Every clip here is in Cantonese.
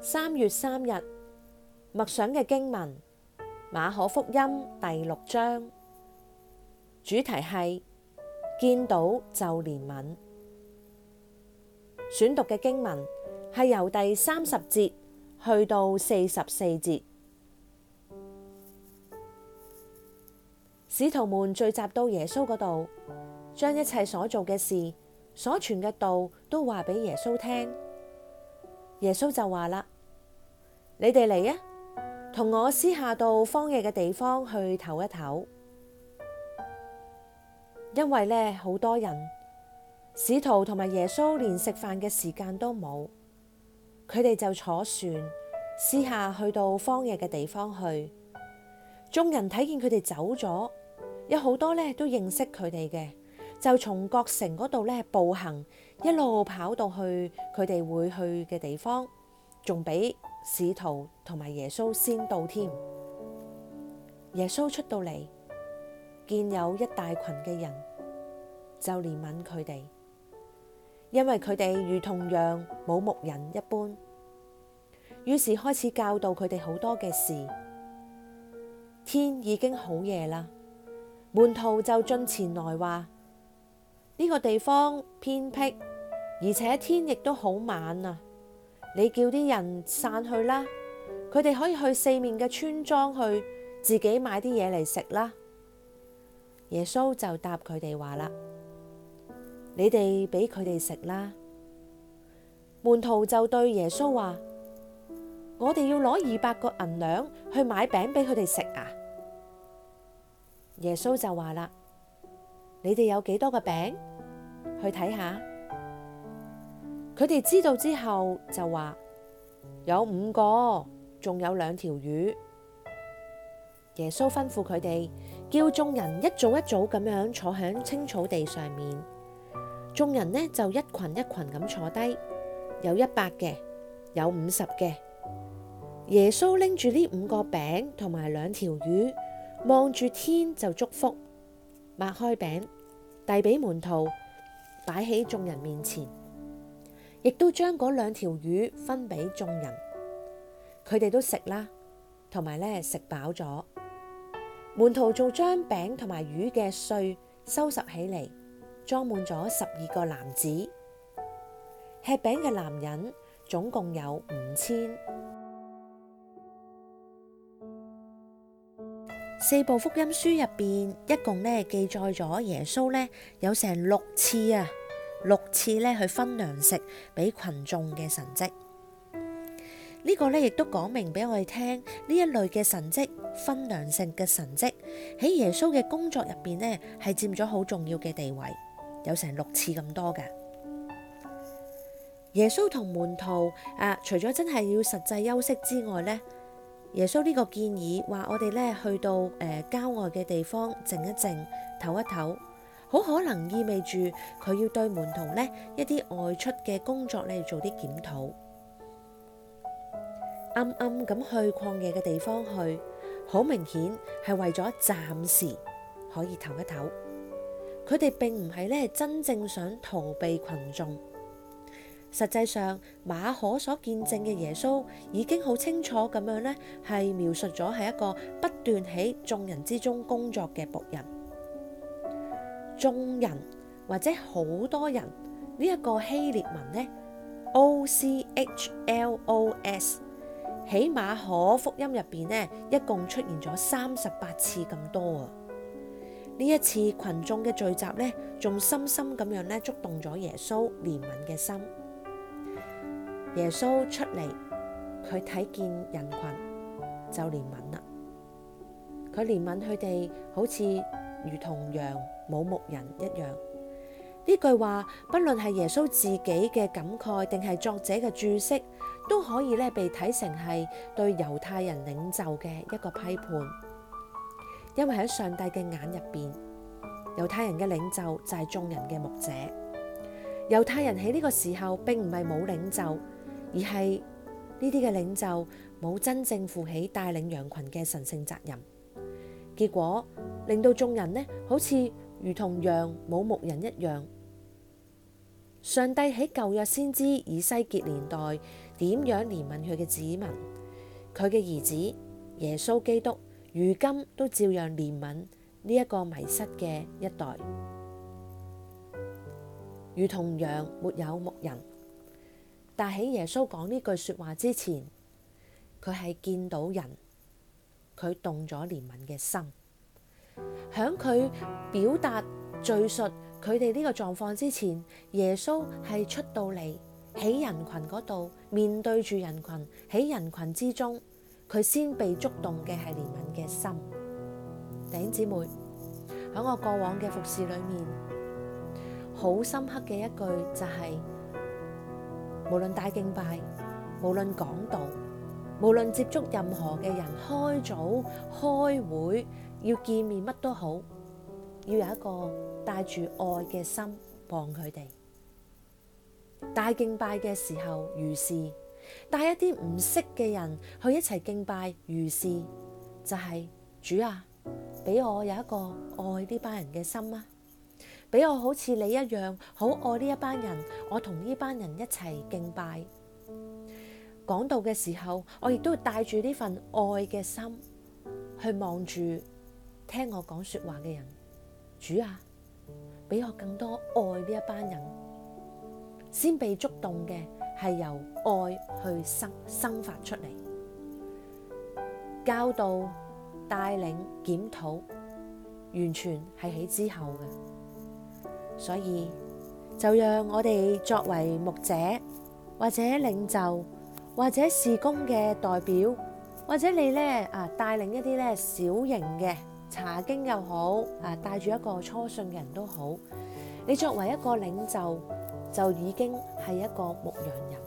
三月三日默想嘅經文《馬可福音》第六章，主題係見到就憐憫。選讀嘅經文係由第三十節去到四十四節。使徒們聚集到耶穌嗰度，將一切所做嘅事，所傳嘅道都話俾耶穌聽。耶穌就話啦：「你哋嚟啊，同我私下到荒野嘅地方去唞一唞。」因為呢好多人，使徒同埋耶穌連食飯嘅時間都冇，佢哋就坐船私下去到荒野嘅地方去。眾人睇見佢哋走咗，有好多呢都認識佢哋嘅。就從各城嗰度咧，步行，一路跑到去佢哋會去嘅地方，仲比使徒同埋耶穌先到添。耶穌出到嚟，見有一大群嘅人，就憐憫佢哋，因為佢哋如同羊冇牧人一般。於是開始教導佢哋好多嘅事。天已經好夜啦，門徒就進前來話。呢個地方偏僻，而且天亦都好晚啊！你叫啲人散去啦，佢哋可以去四面嘅村莊去自己買啲嘢嚟食啦。耶穌就答佢哋話啦：「你哋俾佢哋食啦。」門徒就對耶穌話：「我哋要攞二百個銀兩去買餅俾佢哋食啊！」耶穌就話啦。你哋有幾多個餅？去睇下。佢哋知道之後就話有五個，仲有兩條魚。耶穌吩咐佢哋叫眾人一早一早咁樣坐喺青草地上面。眾人呢就一群一群咁坐低，有一百嘅，有五十嘅。耶穌拎住呢五個餅同埋兩條魚，望住天就祝福，擘開餅。遞俾門徒，擺喺眾人面前，亦都將嗰兩條魚分俾眾人，佢哋都食啦，同埋咧食飽咗。門徒仲將餅同埋魚嘅碎收拾起嚟，裝滿咗十二個籃子。吃餅嘅男人總共有五千。四部福音書入邊，一共咧記載咗耶穌咧有成六次啊，六次咧去分糧食俾群眾嘅神蹟。呢個咧亦都講明俾我哋聽，呢一類嘅神蹟分糧食嘅神蹟喺耶穌嘅工作入邊咧係佔咗好重要嘅地位，有成六次咁多噶。耶穌同門徒啊，除咗真係要實際休息之外咧。耶穌呢個建議話，我哋呢去到，呃、郊外嘅地方靜一靜，唞一唞，好可能意味住佢要對門徒呢一啲外出嘅工作呢做啲檢討，暗暗咁去曠野嘅地方去，好明顯係為咗暫時可以唞一唞，佢哋並唔係呢真正想逃避群眾。實際上，馬可所見證嘅耶穌已經好清楚咁樣咧，係描述咗係一個不斷喺眾人之中工作嘅僕人。眾人或者好多人呢一個希臘文咧 （O C H L O S），喺馬可福音入邊咧，一共出現咗三十八次咁多啊。呢一次羣眾嘅聚集咧，仲深深咁樣咧觸動咗耶穌憐憫嘅心。耶穌出嚟，佢睇見人群就憐憫啦。佢憐憫佢哋，好似如同羊冇牧人一樣。呢句話不論係耶穌自己嘅感慨，定係作者嘅註釋，都可以咧被睇成係對猶太人領袖嘅一個批判。因為喺上帝嘅眼入邊，猶太人嘅領袖就係眾人嘅牧者。猶太人喺呢個時候並唔係冇領袖。而係呢啲嘅領袖冇真正負起帶領羊群嘅神聖責任，結果令到眾人呢，好似如同羊冇牧人一樣。上帝喺舊約先知以西結年代點樣憐憫佢嘅子民，佢嘅兒子耶穌基督如今都照樣憐憫呢一個迷失嘅一代，如同羊沒有牧人。但喺耶穌講呢句説話之前，佢係見到人，佢動咗憐憫嘅心。喺佢表達敘述佢哋呢個狀況之前，耶穌係出到嚟，喺人群嗰度面對住人群，喺人群之中，佢先被觸動嘅係憐憫嘅心。弟兄姊妹，喺我過往嘅服侍裡面，好深刻嘅一句就係、是。無論大敬拜，無論講道，無論接觸任何嘅人，開組、開會要見面乜都好，要有一個帶住愛嘅心幫佢哋。大敬拜嘅時候如是，帶一啲唔識嘅人去一齊敬拜如是，就係主啊，俾我有一個愛呢班人嘅心啊！俾我好似你一樣，好愛呢一班人。我同呢班人一齊敬拜。講道嘅時候，我亦都帶住呢份愛嘅心去望住聽我講說話嘅人。主啊，俾我更多愛呢一班人，先被觸動嘅係由愛去生生發出嚟，教導、帶領、檢討，完全係喺之後嘅。所以就讓我哋作為牧者、或者領袖、或者事工嘅代表，或者你咧啊，帶領一啲咧小型嘅查經又好啊，帶住一個初信嘅人都好，你作為一個領袖就已經係一個牧羊人。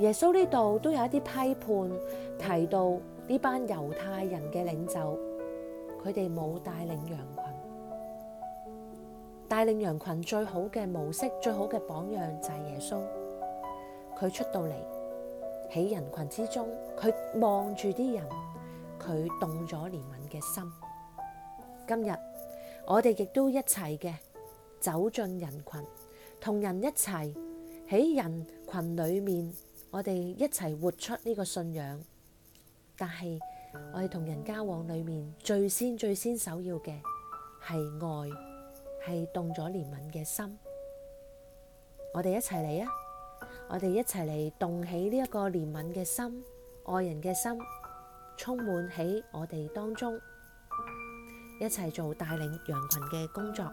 耶穌呢度都有一啲批判提到呢班猶太人嘅領袖，佢哋冇帶領羊群。帶領羊群最好嘅模式、最好嘅榜樣就係耶穌。佢出到嚟喺人群之中，佢望住啲人，佢動咗憐憫嘅心。今日我哋亦都一齊嘅走進人群，同人一齊喺人群裏面，我哋一齊活出呢個信仰。但係我哋同人交往裏面，最先、最先首要嘅係愛。係動咗憐憫嘅心，我哋一齊嚟啊！我哋一齊嚟動起呢一個憐憫嘅心、愛人嘅心，充滿喺我哋當中，一齊做帶領羊群嘅工作。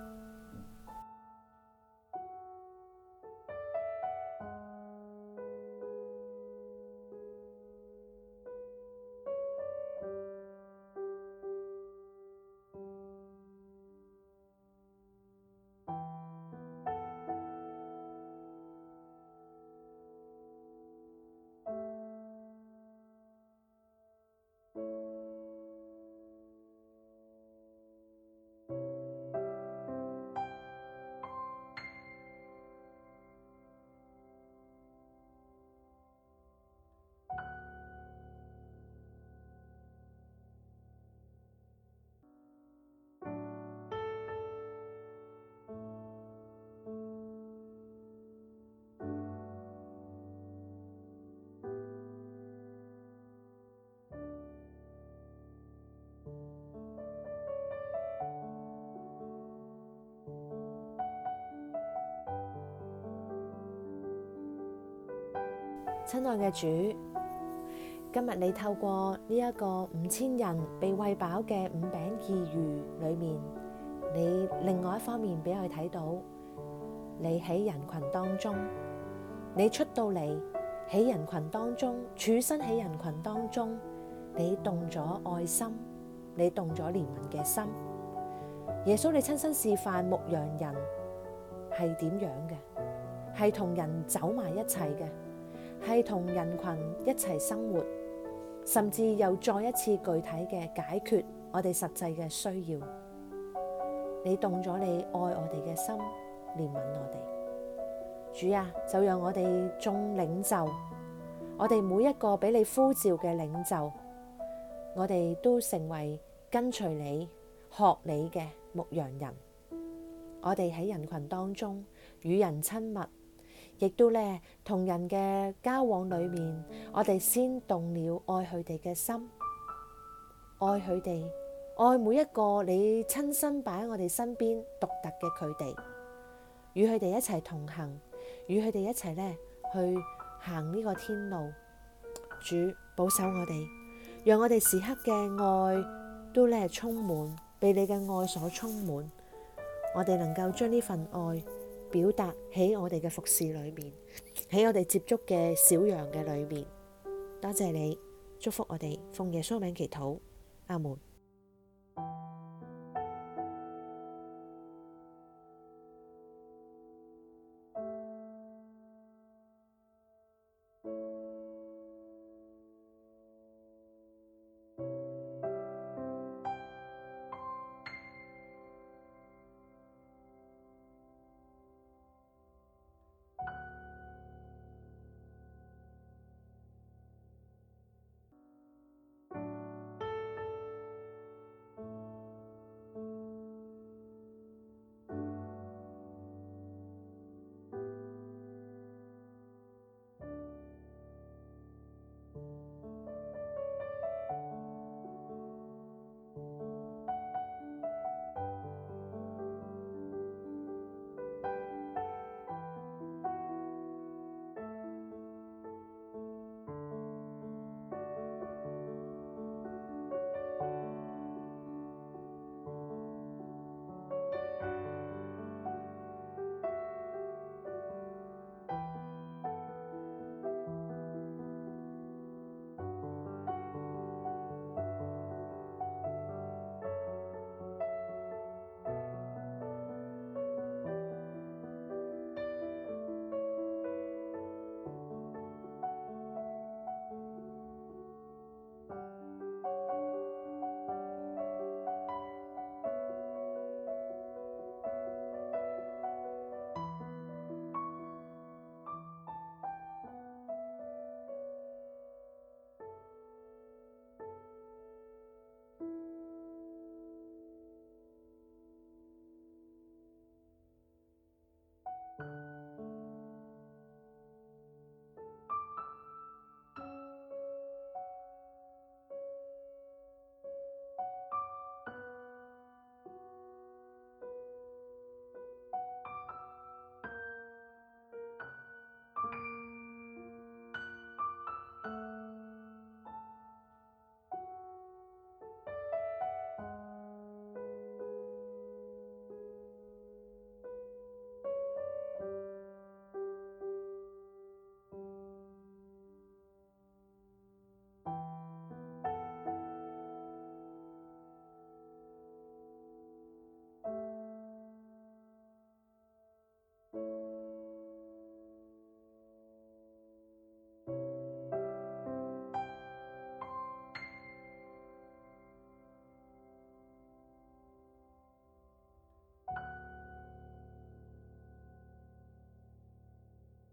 親愛嘅主，今日你透過呢一個五千人被餵飽嘅五餅二魚裏面，你另外一方面俾佢睇到，你喺人群當中，你出到嚟喺人群當中，處身喺人群當中，你動咗愛心，你動咗憐憫嘅心。耶穌，你親身示範牧羊人係點樣嘅，係同人走埋一齊嘅。係同人群一齊生活，甚至又再一次具體嘅解決我哋實際嘅需要。你動咗你愛我哋嘅心，憐憫我哋。主啊，就讓我哋眾領袖，我哋每一個俾你呼召嘅領袖，我哋都成為跟隨你、學你嘅牧羊人。我哋喺人群當中與人親密。亦都咧，同人嘅交往裏面，我哋先動了愛佢哋嘅心，愛佢哋，愛每一個你親身擺喺我哋身邊獨特嘅佢哋，與佢哋一齊同行，與佢哋一齊呢去行呢個天路。主保守我哋，讓我哋時刻嘅愛都咧充滿，被你嘅愛所充滿，我哋能夠將呢份愛。表達喺我哋嘅服侍裏面，喺我哋接觸嘅小羊嘅裏面，多謝你，祝福我哋，奉耶穌名祈禱，阿門。